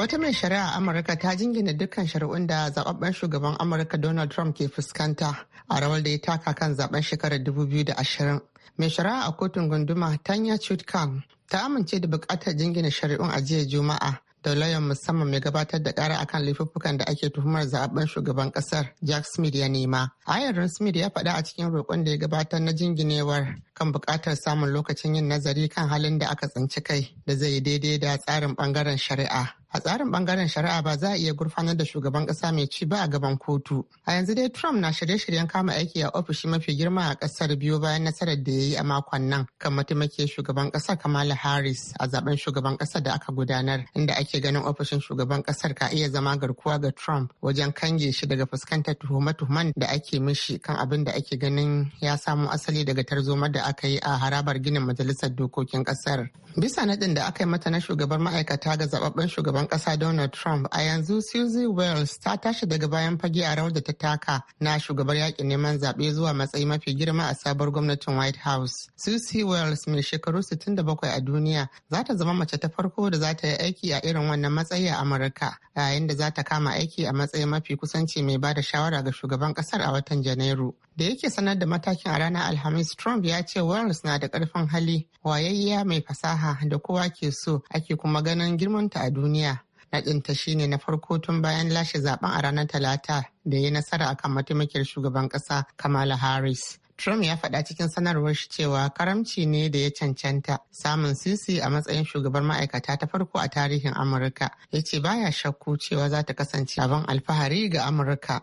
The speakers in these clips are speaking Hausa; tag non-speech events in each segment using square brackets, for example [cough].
Wata mai shari'a Amurka ta jingina dukkan shari'un da zababben shugaban Amurka Donald Trump ke fuskanta a rawar da ya taka kan zaben shekarar 2020. Mai shari'a a kotun gunduma Tanya chutkan ta amince da bukatar jingina shari'un a jiya Juma'a da lauyan musamman mai gabatar da kara akan laifuffukan da ake tuhumar zaben shugaban kasar Jack Smith ya nema. Ayarin Smith ya faɗa a cikin roƙon da ya gabatar na jinginewar kan buƙatar samun lokacin yin nazari kan halin da aka tsinci kai da zai daidai da tsarin ɓangaren shari'a. a tsarin bangaren shari'a ba za a iya gurfanar da shugaban kasa mai ci ba a gaban kotu a yanzu dai trump na shirye-shiryen kama aiki a ofishi mafi girma a kasar biyu bayan nasarar da ya yi a makon nan kan mataimakiyar shugaban kasar kamala harris a zaben shugaban kasar da aka gudanar inda ake ganin ofishin shugaban kasar ka iya zama garkuwa ga trump wajen kange shi daga fuskantar tuhume tuhuman da ake mishi kan abin da ake ganin ya samo asali daga tarzomar da aka yi a harabar ginin majalisar dokokin kasar bisa naɗin da aka yi mata na shugabar ma'aikata ga zababben shugaban shugaban kasa Donald Trump a yanzu Susie Wells ta tashi daga bayan fage a rawar da ta taka na shugabar yakin neman zaɓe zuwa matsayi mafi girma a sabuwar gwamnatin White House. Susie Wells mai shekaru 67 a duniya za ta zama mace ta farko da za ta yi aiki a irin wannan matsayi a Amurka yayin da za ta kama aiki a matsayin mafi kusanci mai ba da shawara ga shugaban kasar a watan Janairu. da yake sanar da matakin a ranar alhamis trump ya ce wales na da karfin hali wayayya mai fasaha da kowa ke so ake kuma ganin girmanta a duniya naɗinta shine na farko tun bayan lashe zaben a ranar talata da ya nasara akan mataimakiyar shugaban ƙasa kamala harris Trump ya faɗa cikin sanarwar shi cewa karamci ne da ya cancanta samun sisi a matsayin shugabar ma'aikata ta farko a tarihin Amurka. Ya ce baya shakku cewa za ta kasance abin alfahari ga Amurka.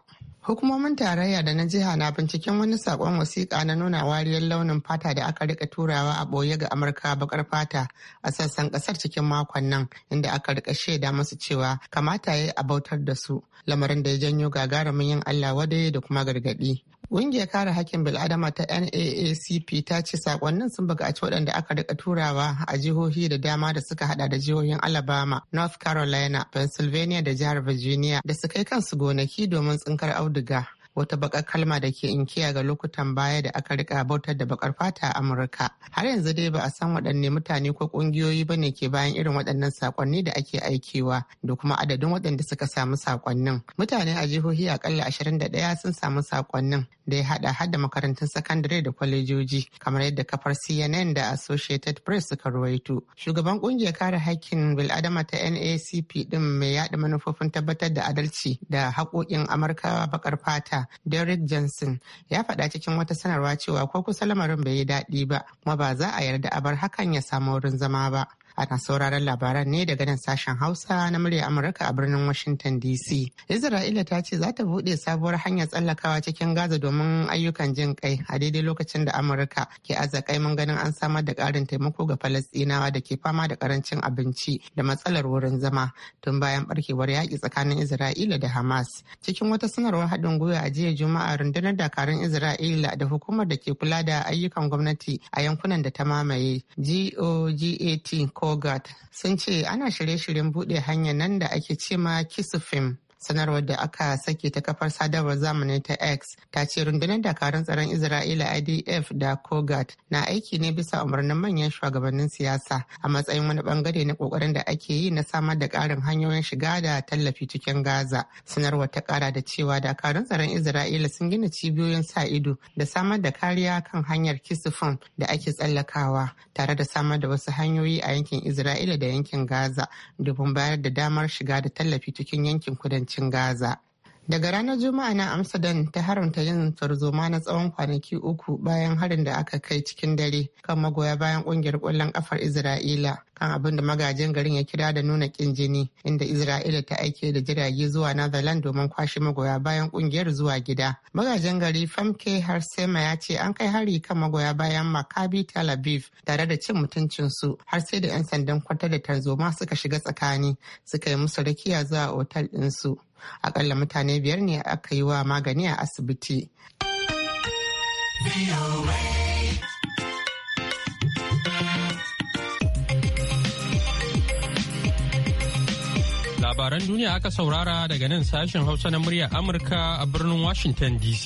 Hukumomin tarayya da na jiha na binciken wani sakon wasiƙa na nuna wariyar launin fata da aka rika turawa a ɓoye ga Amurka bakar fata a sassan ƙasar cikin makon nan inda aka rika shaida masu cewa kamata ya yi a bautar da su lamarin da ya janyo gagarumin yin Allah wadai da kuma gargaɗi. Ƙungiyar kare haƙƙin bil'adama ta NAACP ta ce sakonnin sun buƙaci waɗanda aka rika turawa a jihohi da dama da suka haɗa da jihohin Alabama, North Carolina, Pennsylvania da jihar Virginia da su kai kansu gonaki domin tsinkar auduga. wata bakar kalma da ke inkiya ga lokutan baya da aka rika bautar da bakar fata a Amurka. Har yanzu dai ba a san waɗanne mutane ko ƙungiyoyi ba ne ke bayan irin waɗannan saƙonni da ake aikewa da kuma adadin waɗanda suka samu sakonnin. Mutane a jihohi akalla ɗaya sun samu sakonnin da ya haɗa har da makarantun sakandare da kwalejoji kamar yadda kafar CNN da Associated Press suka ruwaito. Shugaban ƙungiyar kare haƙƙin bil'adama ta NACP ɗin mai yaɗa manufofin tabbatar da adalci da haƙoƙin Amurkawa baƙar fata derek johnson ya faɗa cikin wata sanarwa cewa ko kusa lamarin bai yi daɗi ba kuma ba za a yarda a bar hakan ya samu wurin zama ba Ana sauraron labaran ne daga nan sashen Hausa na murya Amurka a birnin Washington DC. Isra'ila ta ce za ta buɗe sabuwar hanyar tsallakawa cikin Gaza domin ayyukan jin kai a daidai lokacin da Amurka ke aza mun ganin an samar da ƙarin taimako ga Falastinawa da ke fama da karancin abinci da matsalar wurin zama tun bayan barkewar yaƙi tsakanin Isra'ila da Hamas. Cikin wata sanarwar haɗin gwiwa a jiya Juma'a rundunar dakarun Isra'ila da hukumar da ke kula da ayyukan gwamnati a yankunan da ta mamaye GOGAT ko Hogarth sun ce ana shirye-shiryen buɗe hanyar nan da ake cema fim. sanarwar da aka sake ta kafar sadarwar zamani ta x ta ce rundunar dakarun tsaron isra'ila idf da kogat na aiki ne bisa umarnin manyan shugabannin siyasa a matsayin wani bangare na kokarin da ake yi na samar da karin hanyoyin shiga da tallafi cikin gaza sanarwar ta kara da cewa dakarun tsaron isra'ila sun gina cibiyoyin sa ido da samar da kariya kan hanyar kisifin da ake tsallakawa tare da samar da wasu hanyoyi a yankin isra'ila da yankin gaza domin bayar da damar shiga da tallafi cikin yankin kudanci 青疙瘩。daga ranar juma'a na amsterdam ta haramta yin tarzoma na tsawon kwanaki uku bayan harin da aka kai cikin dare kan magoya bayan kungiyar kwallon kafar isra'ila kan abin da magajin garin ya kira da nuna kin jini inda isra'ila ta aike da jirage zuwa netherlands domin kwashe magoya bayan kungiyar zuwa gida magajin gari famke harsema ya ce an kai hari kan magoya bayan makabi tel aviv tare da cin mutuncin su har sai da 'yan sandan kwatar da tarzoma suka shiga tsakani suka yi musu rakiya zuwa otal ɗinsu akalla mutane biyar ne aka yi wa magani a asibiti labaran duniya aka saurara daga nan sashen hausa na muryar amurka a birnin washington dc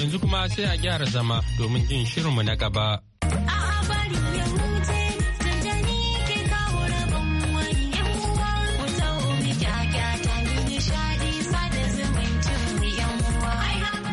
yanzu kuma sai a gyara zama domin jin shirinmu na gaba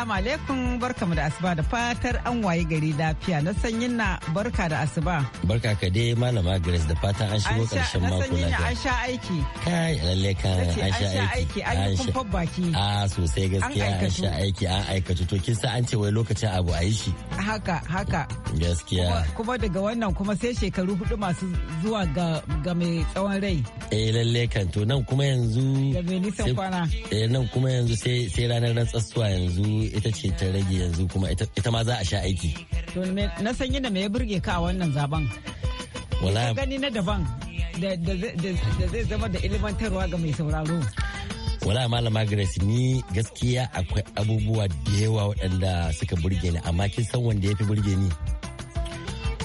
Assalamu alaikum mu da asuba da fatar an waye gari lafiya na sanyin na barka da asuba. Barka ka dai malama Grace da fatan an shigo karshen mako lafiya. Na sanyin an sha aiki. Kai lalle ka an sha aiki. An sha aiki baki. A ah, sosai gaskiya an sha aiki an aikatu to kin sa an ce wai lokacin abu a yi shi. Haka haka. Gaskiya. Kuma daga wannan kuma sai shekaru hudu masu zuwa ga ga mai tsawon rai. Eh lalle kan to nan kuma yanzu. Da mai nisan kwana. Eh nan kuma yanzu sai ranar rantsatsuwa yanzu ita ce ta rage rage yanzu kuma ita ma za a sha aiki. Na sanyi da me ya burge ka a wannan zaben. Wala gani na daban da zai zama da ilimantarwa ga mai sauraro. Wala malama Grace ni gaskiya akwai abubuwa da yawa waɗanda suka burge ni amma kin san wanda ya fi burge ni.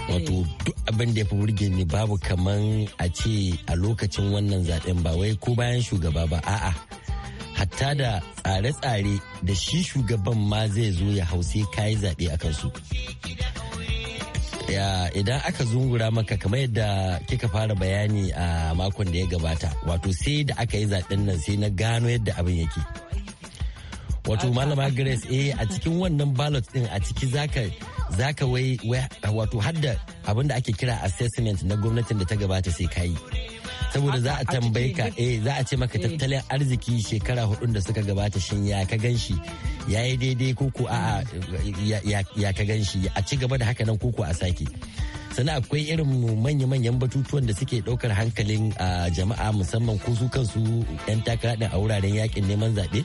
wato eh. duk abin da ya fi burge ni babu kamar a ce a lokacin wannan zaben ba wai ko bayan shugaba ba a'a hatta da tsare-tsare da shi shugaban ma zai zo ya hau ka yi zaɓe a kansu idan aka zungura maka kamar yadda kika fara bayani a makon da ya gabata wato sai da aka yi zaɓen nan sai na gano yadda abin yake wato malama grace eh a cikin wannan ballot din a ciki zaka zaka wai wato hadda abin da ake kira assessment na gwamnatin da ta gabata sai kayi saboda za a tambaye ka eh za a ce maka eh. tattalin arziki shekara hudun da suka gabata shin ya ka ganshi ya yi daidai koko a ya ka ganshi a ci gaba da haka nan koko a sake sannan akwai irin manya-manyan batutuwan da suke ɗaukar hankalin a jama'a musamman ko su kansu 'yan takara a wuraren yakin neman zaɓe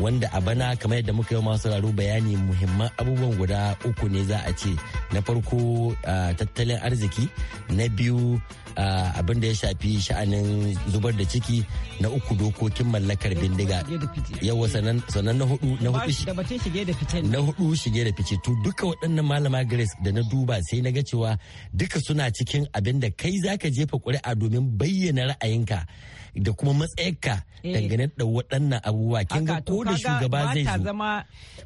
wanda a bana kamar yadda muka yi masu raro bayani muhimman abubuwan guda uku ne za a ce na farko tattalin arziki na biyu abin da ya shafi sha'anin zubar da ciki na uku dokokin mallakar bindiga yawa sannan na hudu na hudu na hudu shige da fice to duka waɗannan malama grace da na duba sai na ga cewa duka suna cikin abin da kai zaka jefa ƙuri'a domin bayyana ra'ayinka da kuma matsayarka eh. dangane da waɗannan abubuwa kin ga ko da shugaba zai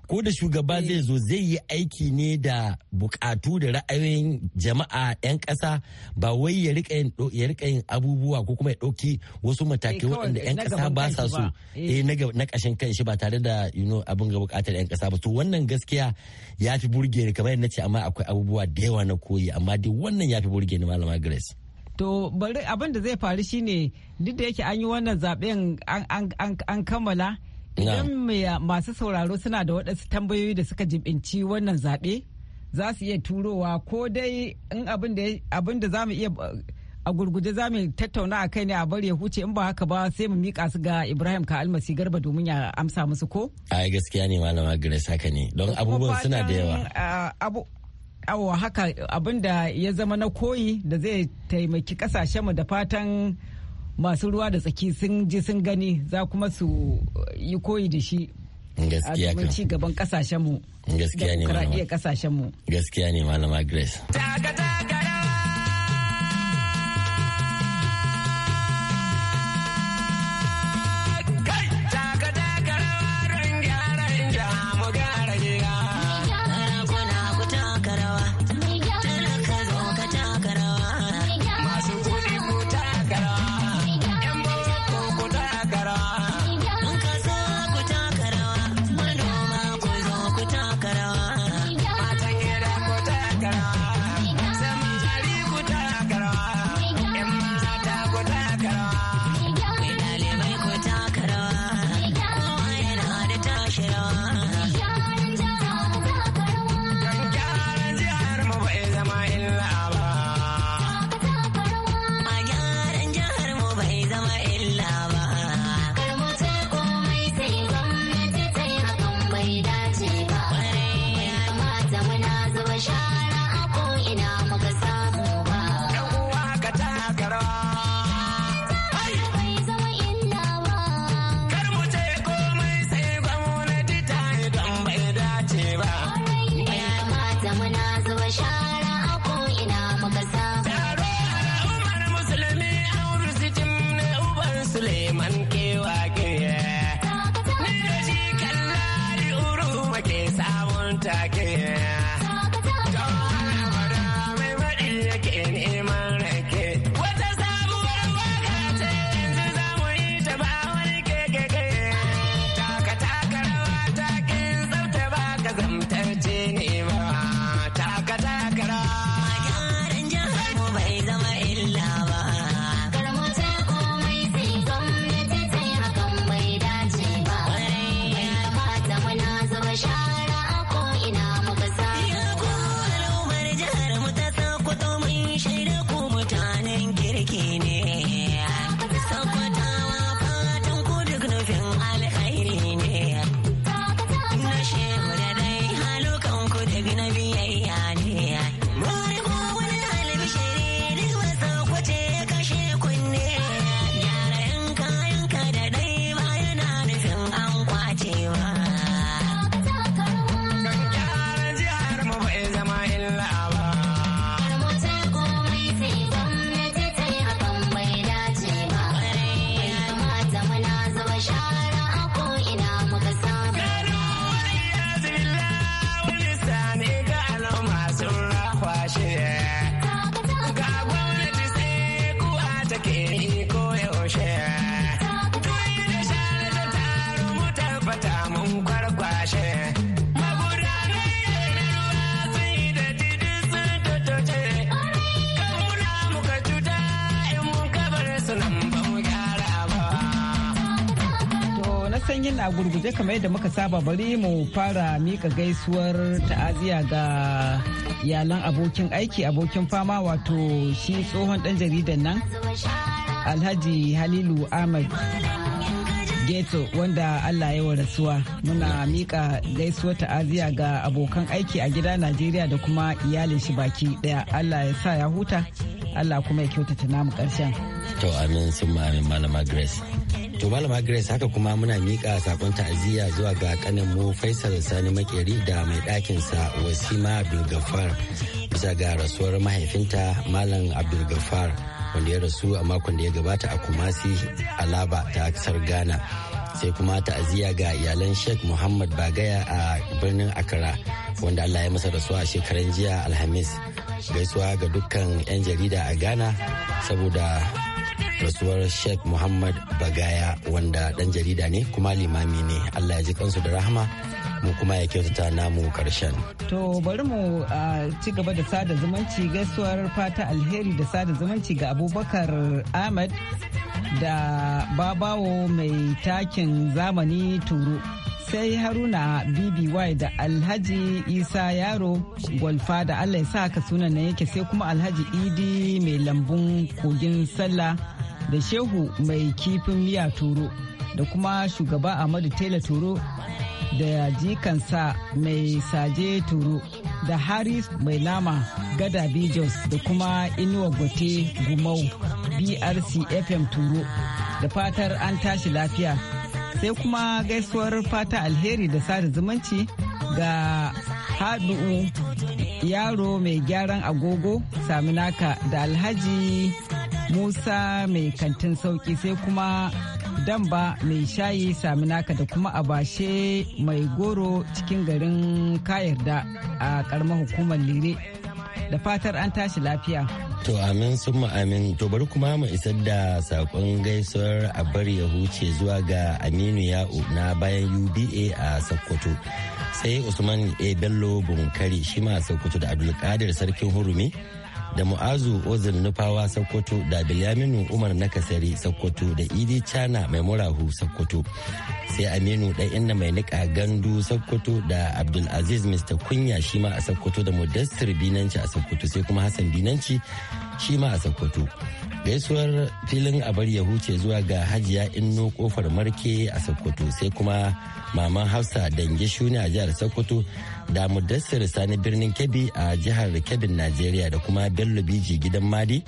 ko da shugaba zai zo zai yi aiki ne da bukatu da ra'ayoyin jama'a 'yan ƙasa ba wai ya rika ya rika yin abubuwa ko kuma ya ɗauki wasu eh, matakai waɗanda 'yan ƙasa ba sa so eh. eh na ƙashin kan shi ba tare da you know abin ga buƙatar 'yan ƙasa ba to wannan gaskiya ya fi burge ni kamar yadda ce amma akwai abubuwa da yawa na koyi amma dai wannan ya fi burge ni malama Grace to bari abin da zai faru shine duk da yake an yi wannan zaben an kammala idan masu sauraro suna da waɗansu tambayoyi da suka jibinci wannan zaɓe za su iya turowa ko dai in abin da za mu iya a gurguje za mu tattauna a kai ne a bari ya huce in ba haka ba sai mu mika su ga Ibrahim ka almasi garba domin ya amsa musu ko? Ai gaskiya ne malama Grace haka ne don abubuwan suna da yawa. Uh, Awa haka abin da ya zama na koyi da zai taimaki kasashenmu da fatan masu ruwa da tsaki sun ji sun gani za kuma su yi koyi da shi. Gaskiya kan. ci gaban kasashenmu. Gaskiya ne malama. Gaskiya ne malama Grace. contact. yadda muka saba bari mu fara mika gaisuwar ta'aziya ga iyalan abokin aiki abokin fama wato shi tsohon dan jaridan nan alhaji halilu ahmad geto wanda allah ya rasuwa muna mika gaisuwar ta'aziya ga abokan aiki a gida najeriya da kuma iyalin shi baki daya allah ya sa ya huta allah kuma ya kyautata namu karshen to amin sun malama grace To Malama Grace haka kuma muna miƙa sakon ta'aziyya zuwa ga kanin mu Faisal Sani Makeri da mai ɗakin sa Wasima Abdul bisa ga rasuwar mahaifinta Malam abdulgafar Gaffar wanda ya rasu a makon da ya gabata a Kumasi Alaba ta kasar Ghana. Sai kuma ta'aziyya ga iyalan Sheikh Muhammad Bagaya a birnin Accra wanda Allah ya masa rasuwa a shekaran jiya Alhamis. Gaisuwa ga dukkan 'yan jarida a Ghana saboda rasuwar sheikh muhammad bagaya wanda dan jarida ne kuma limami ne allah ya ji kansu da rahama mu kuma ya kyautata namu karshen to bari mu ci gaba da sada zumunci gaisuwar fata alheri da sada zumunci ga abubakar ahmad da babawo mai takin zamani turu sai haruna bby da alhaji isa yaro gwalfa da allah ya sa haka sunan na yake sai kuma alhaji idi mai lambun kogin sallah da shehu mai kifin miya toro da kuma shugaba amadu taylor toro da jikansa mai saje toro da haris mai nama gada bijos da kuma inuwa gote gumau brc fm turo da fatar an tashi lafiya sai kuma gaisuwar fata alheri da sada zumunci ga haɗu yaro mai gyaran agogo saminaka da alhaji musa mai kantin sauki sai kuma damba mai shayi sami naka da kuma abashe mai goro cikin garin kayarda a karamar hukumar lire da fatar an tashi lafiya to amin sun amin to bari kuma mu isar da sakon gaisuwar abar ya huce zuwa ga aminu ya'u na bayan uba a sokoto sai usman e bello bunkari shi ma sokoto da abdulkadir sarkin hurumi da mu'azu ozin nufawa sokoto da bilyaminu umar nakasari sokoto da idi chana mai murahu sokoto sai aminu dan inda mai nika gandu sokoto da abdulaziz mr kunya shi ma a sokoto da modestir binanci a sokoto sai kuma hassan binanci shi ma a sokoto gaisuwar filin abar ya huce zuwa ga hajiya inno kofar marke a sokoto sai kuma maman hafsa dange shuni a jihar sokoto da mudassir sani birnin kebbi a jihar kebbin najeriya da kuma bello biji gidan madi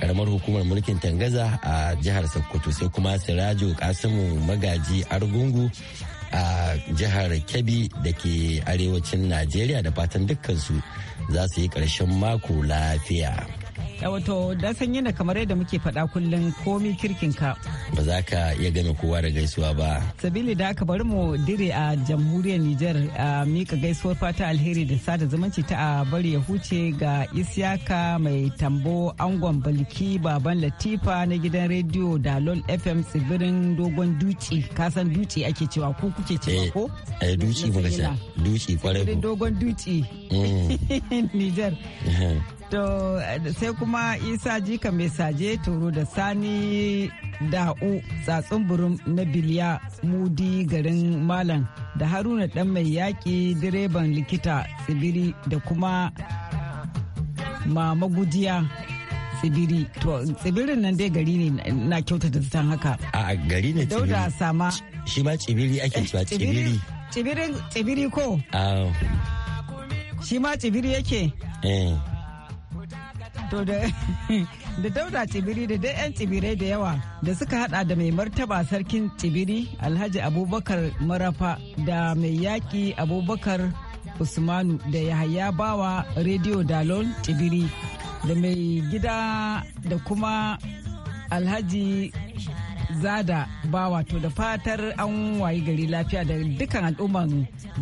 karamar hukumar mulkin tangaza a jihar sokoto sai kuma sirajo kasimu magaji argungu a jihar kebbi da ke arewacin najeriya da fatan dukkansu za su yi ƙarshen mako lafiya. Eh, wato da san yana kamar yadda muke faɗa kullum komi kirkin ka ba za ka iya gane kowa da gaisuwa ba sabili da aka bari mu dire a jamhuriyar Nijar a mika gaisuwar fata alheri da sada zumunci ta a bari ya huce ga isyaka mai tambo angon balki baban Latifa na gidan rediyo da lol FM tsibirin dogon duci kasan duci ake cewa ko kuke cewa ko eh, eh, duci muka duci kwarai dogon duci mm. [laughs] Nijar To sai kuma Isa Jika mai saje toro da Sani Da'u tsatsun burum na Biliya Mudi garin Malam da Haruna ɗan mai yaƙi direban likita tsibiri da kuma Mama Gujiya tsibiri to tsibirin nan dai gari ne na kyautata zutan haka a gari ne tsibiri dauda sama shi ma tsibiri ake eh, cewa tsibiri tsibirin tsibiri ko shi ma tsibiri yake eh to [laughs] da dauda tsibiri da dai 'yan tsibirai da yawa da suka hada da mai martaba sarkin tsibiri alhaji abubakar marafa da mai yaƙi abubakar usmanu da yahaya bawa rediyo dalon tsibiri da mai gida da kuma alhaji zada bawa to da fatar an wayi gari lafiya da dukkan al'umman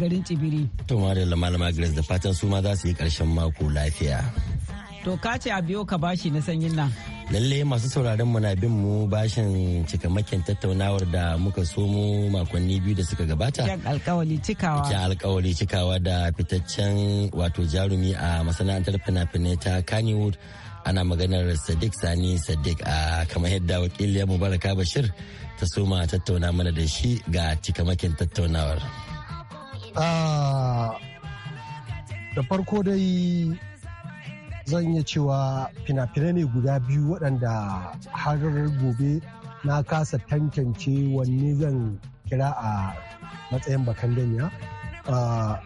garin tsibiri to da malama da fatan su ma za su yi karshen mako lafiya To ka ce a biyo ka bashi na sanyin nan. Lalle masu sauraron mu na bin mu bashin cikamakin tattaunawar da muka somo makonni biyu da suka gabata. Kyan alkawali cikawa. Kyan alkawali cikawa da fitaccen wato jarumi a masana'antar fina-finai ta Kannywood. Ana maganar Sadiq Sani Sadiq a kamar yadda wakiliya Mubaraka Bashir ta soma tattauna mana da shi ga cikamakin tattaunawar. Ah, da farko dai zan iya cewa fina-finai ne guda biyu waɗanda har gobe na kasa tantance wanne zan kira a matsayin bakan danya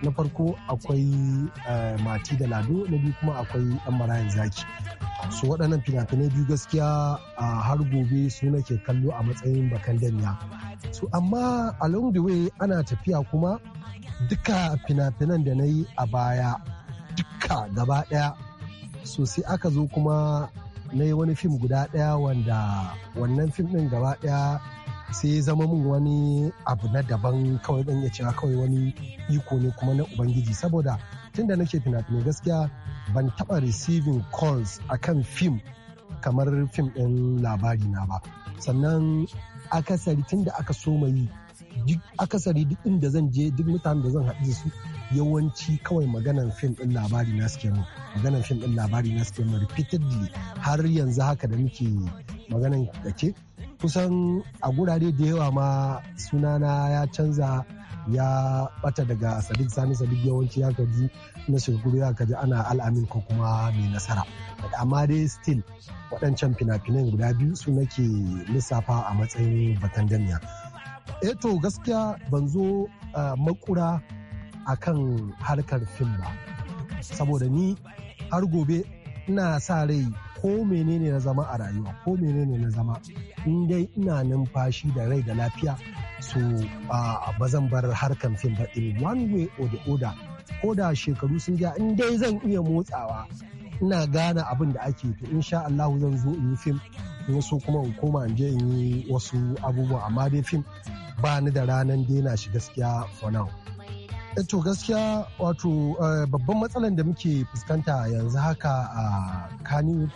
na farko akwai mati da lado na biyu kuma akwai ɗan marayan zaki su waɗannan fina-finai biyu gaskiya har gobe su nake kallo a matsayin bakan danya su amma along the way ana tafiya kuma duka fina-finan da na yi a baya duka gaba ɗaya Sosai aka zo kuma na yi wani fim guda ɗaya wanda wannan fim ɗin gaba ɗaya sai zama mun wani abu na daban kawai ɗan ya cewa kawai wani iko ne kuma na ubangiji saboda tun da nake fina-finai gaskiya ban taɓa receiving calls a kan fim kamar fim ɗin labari na ba sannan akasari da aka so mai akasari duk inda zan je duk mutanen da zan haɗu da su yawanci kawai maganan fim din labari na suke mu maganan fim din labari na suke mu repeatedly har yanzu haka da muke maganan kake kusan a gurare da yawa ma sunana ya canza ya bata daga sadiq sani sadiq yawanci ya kaji na shirkuru ya kaji ana al'amin ko kuma mai nasara amma dai still waɗancan fina-finan guda biyu su nake lissafa a matsayin batan damiya eto eh gaskiya ban zo ah, makura a kan harkar fim ba saboda ni har gobe ina sa rai ko menene na zama a rayuwa ko menene na zama in dai ina numfashi da rai da lafiya su ba zan bar harkar fim ba in one way or the other ko da shekaru sun ja in dai zan iya motsawa ina gane abin da ake to insha Allah zan zo in yi fim in kuma in koma in je in yi wasu abubuwa amma dai fim ba ni da ranan daina shi gaskiya for now Eh, to gaskiya wato eh, babban matsalar da muke fuskanta yanzu haka a kani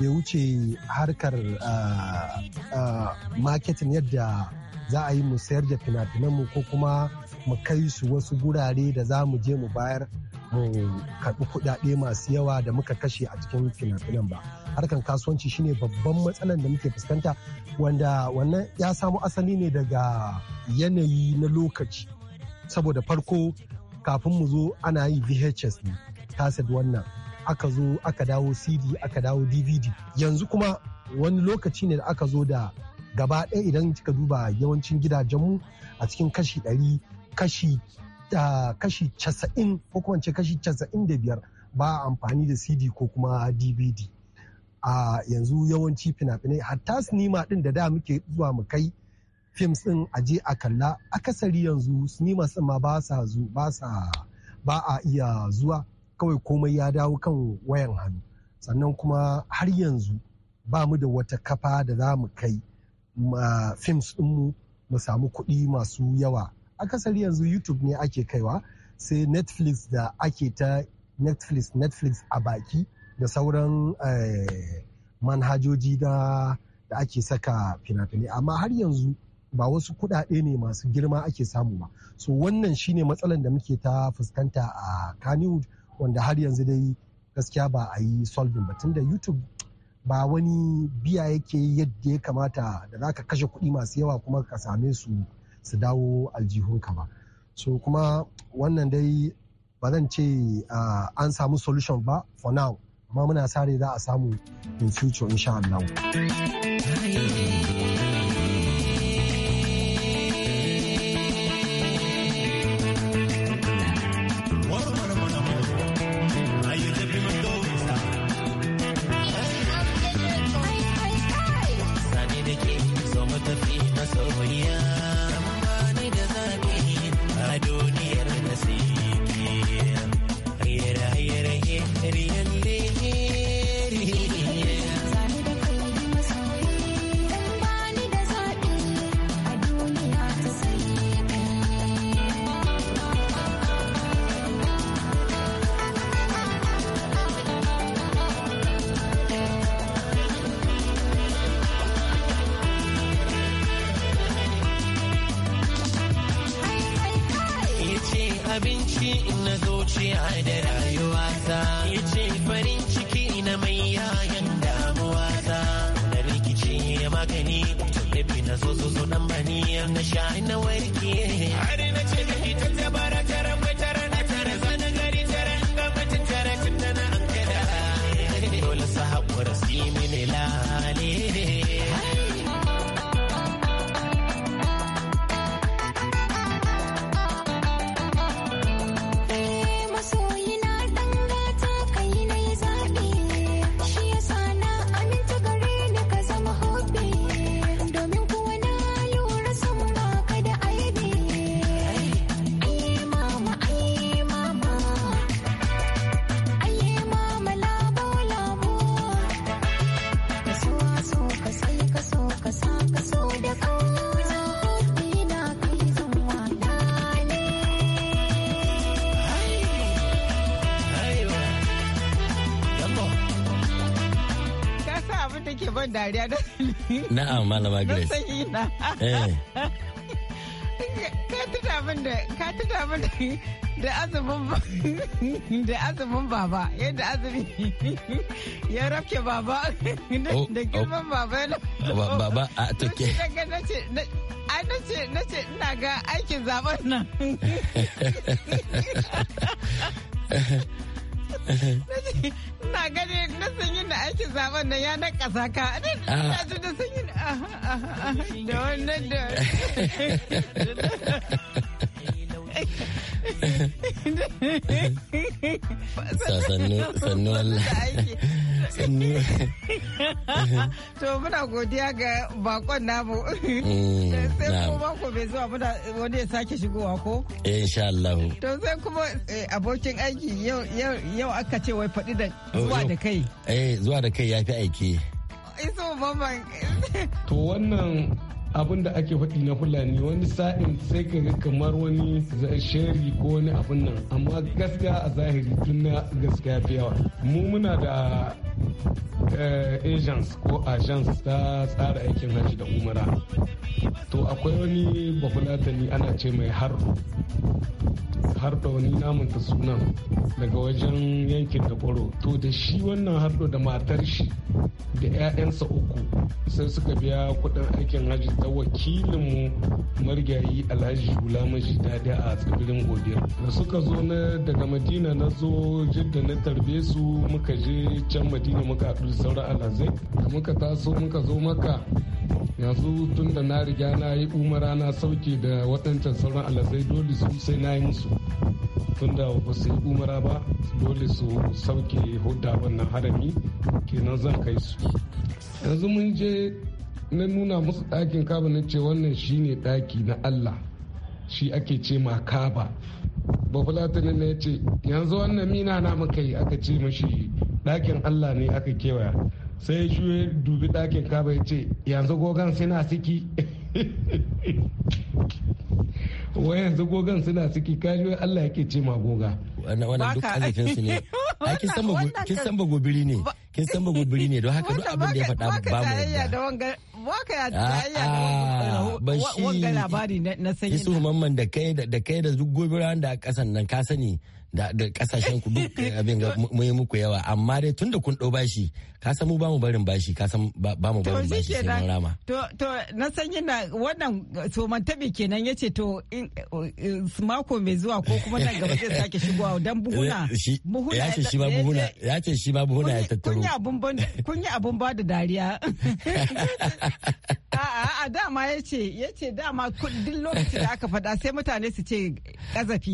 ya wuce harkar eh, marketing yadda za a yi mu sayar da finafinan mu ko kuma mu kai su wasu gurare da za mu je mu bayar mu karɓi kuɗaɗe masu yawa da muka kashe a cikin finafinan ba harkar kasuwanci shine babban matsalan da muke fuskanta wanda wannan ya samo asali ne daga yanayi na lokaci saboda farko kafin mu zo ana yi vhs ne kaset wannan aka zo aka dawo cd aka dawo dvd yanzu kuma wani lokaci ne da aka zo da gaba ɗaya idan kika duba yawancin gidajenmu a cikin kashi ɗari kashi ah, kashi casa'in ko kuma ce kashi casa'in da biyar ba amfani da cd ko kuma dvd a ah, yanzu yawanci fina-finai hatta sinima ɗin da da muke zuwa mu kai fim din a je a kalla akasari yanzu cinemas ma ba sa ba sa ba a iya zuwa kawai komai ya dawo kan wayan hannu sannan kuma har yanzu ba mu da wata kafa da za mu kai films ɗinmu mu samu kuɗi masu yawa akasari yanzu youtube ne ake kaiwa sai netflix da ake ta netflix netflix a baki da sauran eh, manhajoji da ake saka fina-finai amma har yanzu ba wasu kuɗaɗe ne masu girma ake samu ba so wannan shine matsalar da muke ta fuskanta a Kannywood wanda har yanzu dai gaskiya ba a yi solving ba tunda YouTube ba wani biya yake yadda ya kamata da za ka kashe kuɗi masu yawa kuma ka same su su dawo aljihunka ba so kuma wannan dai ba zan ce an samu solution ba for now amma muna sare za a samu in future insha Allah. dariya da na'am malama grace na ka da azumin baba yadda azumi ya rafke baba oh, oh. da girman baba baba a toke na ce ina ga aikin zaben nan [laughs] ina gani na sun yi da aikin zaben nan ya nakasa ka ina ji da sun yi da wannan da [laughs] sannu sannu sannu to muna godiya ga bakon namu mm, sai kuma ko bai zuwa muna wani ya sake shigowa ko eh, insha Allah to sai kuma eh, abokin aiki yau aka ce wai faɗi da oh, zuwa da kai eh zuwa da kai ya fi aiki iso baban to wannan abin da ake faɗi na fulani wani sa'in sai ka ga kamar wani shari ko wani abin nan amma gaskiya a zahiri tun na gaskiya fi yawa mu muna da Eh, agents ko agents ta tsara aikin hajji da umara to akwai wani bafulatani ana ce mai har harɗo wani namanta sunan daga wajen yankin da kwaro to da shi wannan hardo da matar shi da 'ya'yansa uku sai suka biya kuɗin aikin hajji ta wakilinmu margayi alhaji hula maji a tsibirin godiya da suka zo na daga madina na zo jidda na tarbe su muka je can madina ne muka haɗu da sauran alhazai da muka taso muka zo maka yanzu tun da na riga na yi umara na sauke da waɗancan sauran alhazai dole su sai na yi musu tun da ba su yi umara ba dole su sauke hudda wannan harami kenan zan kai su yanzu mun je na nuna musu ɗakin kaba na ce wannan shine ɗaki na allah shi ake ce ma kaba bafulatani ne ya ce yanzu wannan mina na muka yi aka ce mashi ɗakin allah ne aka kewaya sai shi ya dubi ɗakin kaba ya ce yanzu gogon suna siki [laughs] wa yanzu gogon suna siki kaji allah yake ce ma goga wannan duk [laughs] alifin su ne a kin san kin bagobiri ne kin san biri ne don haka duk abin da ya faɗa ba mu waka ya tsaya wanga labari na sanyi. Yusuf Mamman da kai da kai da duk gobe da kasan nan ka sani da kasashen ku duk eh, abin ga mun muku yawa amma dai tunda kun ɗau bashi ka san mu ba mu barin bashi ka san ba mu barin bashi sai mun rama to to na san yana wannan eh, so mantabi kenan yace to eh, mako mai zuwa ko kuma nan gaba zai sake shigowa dan buhuna [laughs] buhuna ya ce shi ma buhuna ya ce shi ma buhuna ya tattaro kun yi abun ban kun yi abun ba da dariya [laughs] a dama yace yace dama duk lokacin da aka faɗa sai mutane su ce kazafi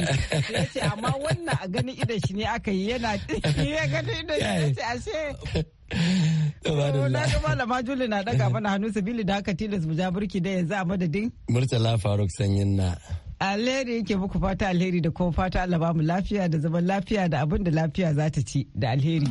yace amma wannan wannan a gani idan shi ne aka yi yana [laughs] ya gani idan shi ne ashe [laughs] Na ga malama Juli na daga [laughs] mana hannu sabili da haka tilas mu ja burki da yanzu a madadin. Murtala Faruk Sanyin na. Alheri yake muku fata alheri da kuma fata Allah ba mu lafiya da zaman lafiya da abin da lafiya za ta ci da alheri.